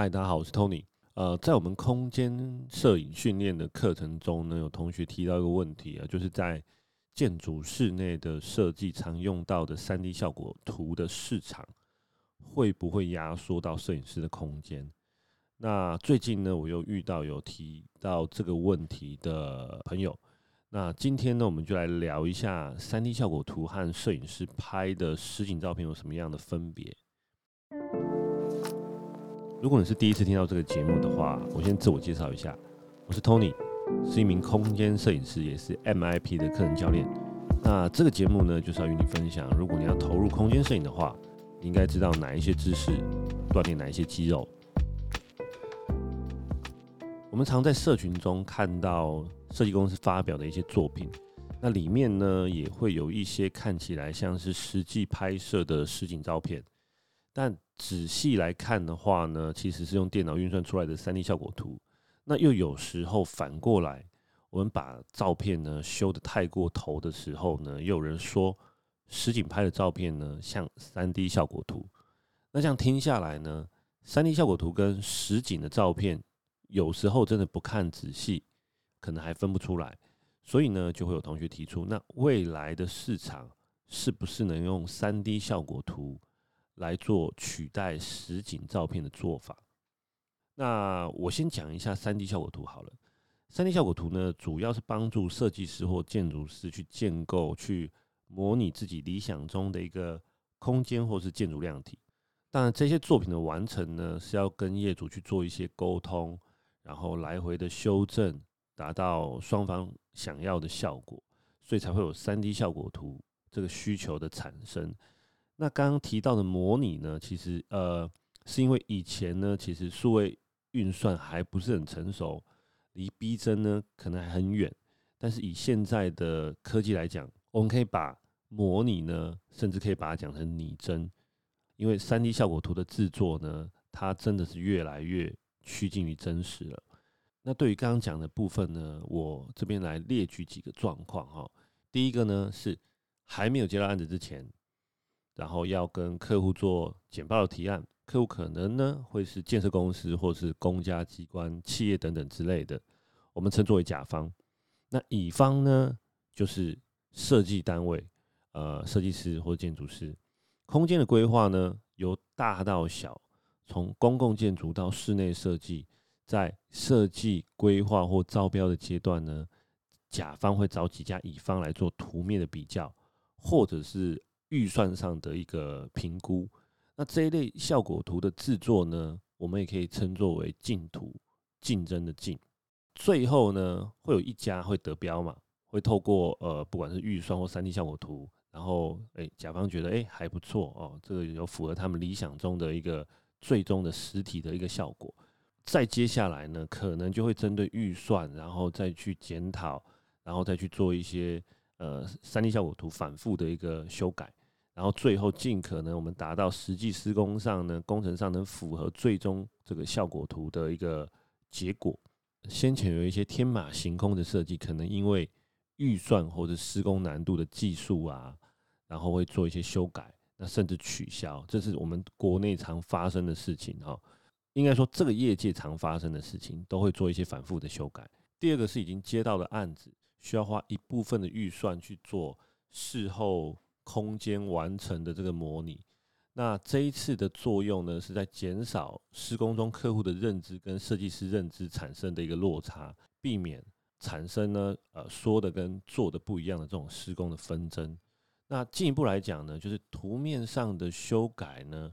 嗨，Hi, 大家好，我是 Tony。呃，在我們空間攝影訓練的課程中呢，有同學提到一個問題啊，就是在建築室內的設計常用到的 3D 效果圖的市場，會不會壓縮到攝影師的空間？那最近呢，我又遇到有提到這個問題的朋友。那今天呢，我們就來聊一下 3D 效果圖和攝影師拍的實景照片有什麼樣的分別。如果你是第一次聽到這個節目的話，我先自我介紹一下，我是 Tony，是一名空間攝影師，也是 MIP 的課程教練。那這個節目呢，就是要與你分享，如果你要投入空間攝影的話，你應該知道哪一些知識，鍛鍊哪一些肌肉。我們常在社群中看到設計公司發表的一些作品，那裡面呢，也會有一些看起來像是實際拍攝的實景照片。但仔細來看的話呢，其實是用電腦運算出來的三 D 效果圖。那又有時候反過來，我們把照片呢修得太過頭的時候呢，又有人說實景拍的照片呢像三 D 效果圖。那這樣聽下來呢，三 D 效果圖跟實景的照片有時候真的不看仔細，可能還分不出來。所以呢，就會有同學提出，那未來的市場是不是能用三 D 效果圖？來做取代實景照片的做法。那我先講一下 3D 效果圖好了。3D 效果圖呢，主要是幫助設計師或建築師去建構、去模擬自己理想中的一個空間或是建築量體。當然，這些作品的完成呢，是要跟業主去做一些溝通，然後來回的修正，達到雙方想要的效果，所以才會有 3D 效果圖這個需求的產生。那剛剛提到的模擬呢，其實呃，是因為以前呢，其實數位運算還不是很成熟，離逼真呢可能還很遠。但是以現在的科技來講，我們可以把模擬呢，甚至可以把它講成擬真，因為 3D 效果圖的制作呢，它真的是越來越趨近於真實了。那對於剛剛講的部分呢，我這邊來列舉幾個狀況哈、哦。第一個呢是還沒有接到案子之前。然後要跟客戶做簡報的提案，客戶可能呢會是建設公司或是公家機關、企業等等之類的，我們稱作為甲方。那乙方呢就是設計單位，呃，設計師或建築師。空間的規劃呢由大到小，從公共建築到室內設計，在設計規劃或招標的階段呢，甲方會找幾家乙方來做圖面的比較，或者是。預算上的一個評估，那這一類效果圖的制作呢，我們也可以稱作為競圖，競爭的競。最後呢，會有一家會得標嘛，會透過呃，不管是預算或三 D 效果圖，然後哎、欸，甲方覺得哎、欸、還不錯哦、喔，這個有符合他們理想中的一個最終的實體的一個效果。再接下來呢，可能就會針對預算，然後再去檢討，然後再去做一些呃三 D 效果圖反覆的一個修改。然後最後，儘可能我們達到實際施工上呢，工程上能符合最終這個效果圖的一個結果。先前有一些天馬行空的設計，可能因為預算或者施工難度的技術啊，然後會做一些修改，那甚至取消，這是我們國內常發生的事情哈、哦，應該說，這個業界常發生的事情，都會做一些反覆的修改。第二個是已經接到的案子，需要花一部分的預算去做事後。空間完成的這個模擬，那這一次的作用呢，是在減少施工中客戶的認知跟設計師認知產生的一個落差，避免產生呢呃說的跟做的不一樣的這種施工的紛爭。那進一步來講呢，就是圖面上的修改呢，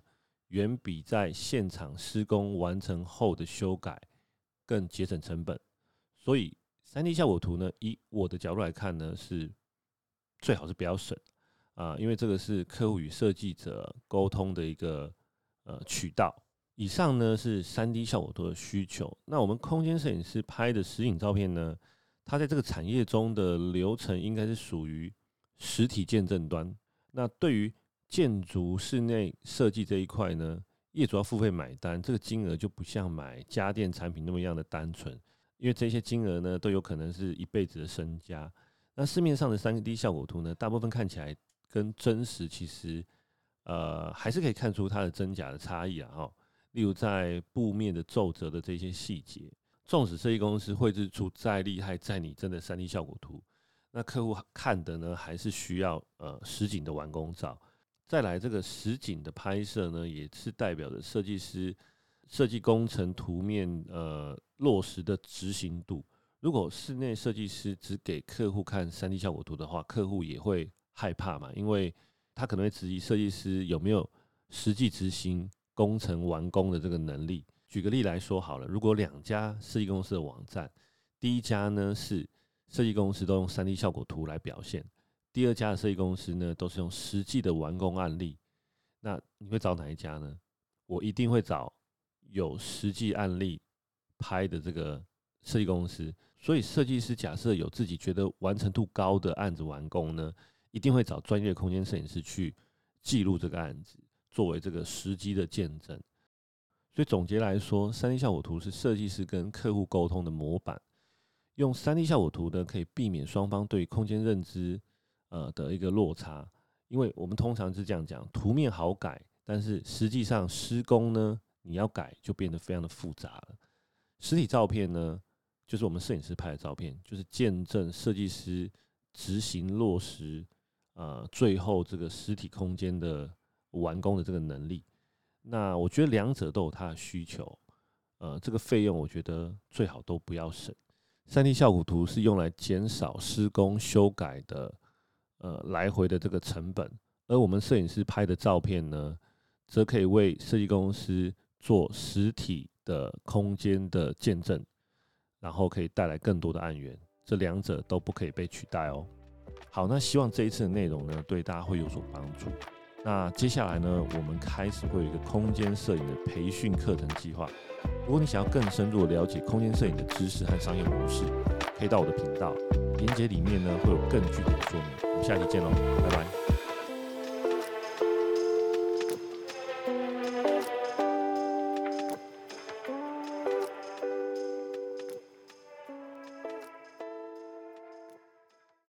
遠比在現場施工完成後的修改更節省成本。所以三 D 效果圖呢，以我的角度來看呢，是最好是不要省。啊，因為這個是客戶與設計者溝通的一個呃渠道。以上呢是 3D 效果圖的需求。那我們空間攝影師拍的實景照片呢，它在這個產業中的流程應該是屬於實體見證端。那對於建築室內設計這一塊呢，業主要付費買單，這個金額就不像買家電產品那麼樣的單純，因為這些金額呢都有可能是一輩子的身家。那市面上的 3D 效果圖呢，大部分看起來。跟真實其實，呃，還是可以看出它的真假的差異啊，哦，例如在布面的皺褶的這些細節，縱使設計公司繪製出再厲害，再擬真的 3D 效果圖，那客戶看的呢，還是需要呃實景的完工照。再來，這個實景的拍攝呢，也是代表着設計師設計工程圖面呃落實的執行度。如果室內設計師只給客戶看 3D 效果圖的話，客戶也會。害怕嘛，因為他可能會質疑設計師有沒有實際執行工程完工的這個能力。舉個例來說好了，如果兩家設計公司的網站，第一家呢是設計公司都用 3D 效果圖來表現，第二家的設計公司呢都是用實際的完工案例，那你會找哪一家呢？我一定會找有實際案例拍的這個設計公司。所以設計師假設有自己覺得完成度高的案子完工呢，一定會找專業空間攝影師去記錄這個案子，作為這個時機的見證。所以總結來說，三 D 效果圖是設計師跟客戶溝通的模板。用三 D 效果圖呢，可以避免雙方對空間認知呃的一個落差。因為我們通常是這樣講，圖面好改，但是實際上施工呢，你要改就變得非常的複雜了。實體照片呢，就是我們攝影師拍的照片，就是見證設計師執行落實。呃，最後這個實體空間的完工的這個能力，那我覺得兩者都有它的需求。呃，這個費用我覺得最好都不要省。3D 效果圖是用來減少施工修改的呃來回的這個成本，而我們攝影師拍的照片呢，則可以為設計公司做實體的空間的見證，然後可以帶來更多的案源。這兩者都不可以被取代哦。好，那希望這一次的內容呢，對大家會有所幫助。那接下來呢，我們開始會有一個空間攝影的培訓課程計劃。如果你想要更深入的了解空間攝影的知識和商業模式，可以到我的頻道，鏈接裡面呢會有更具體的說明。我們下期見嘍。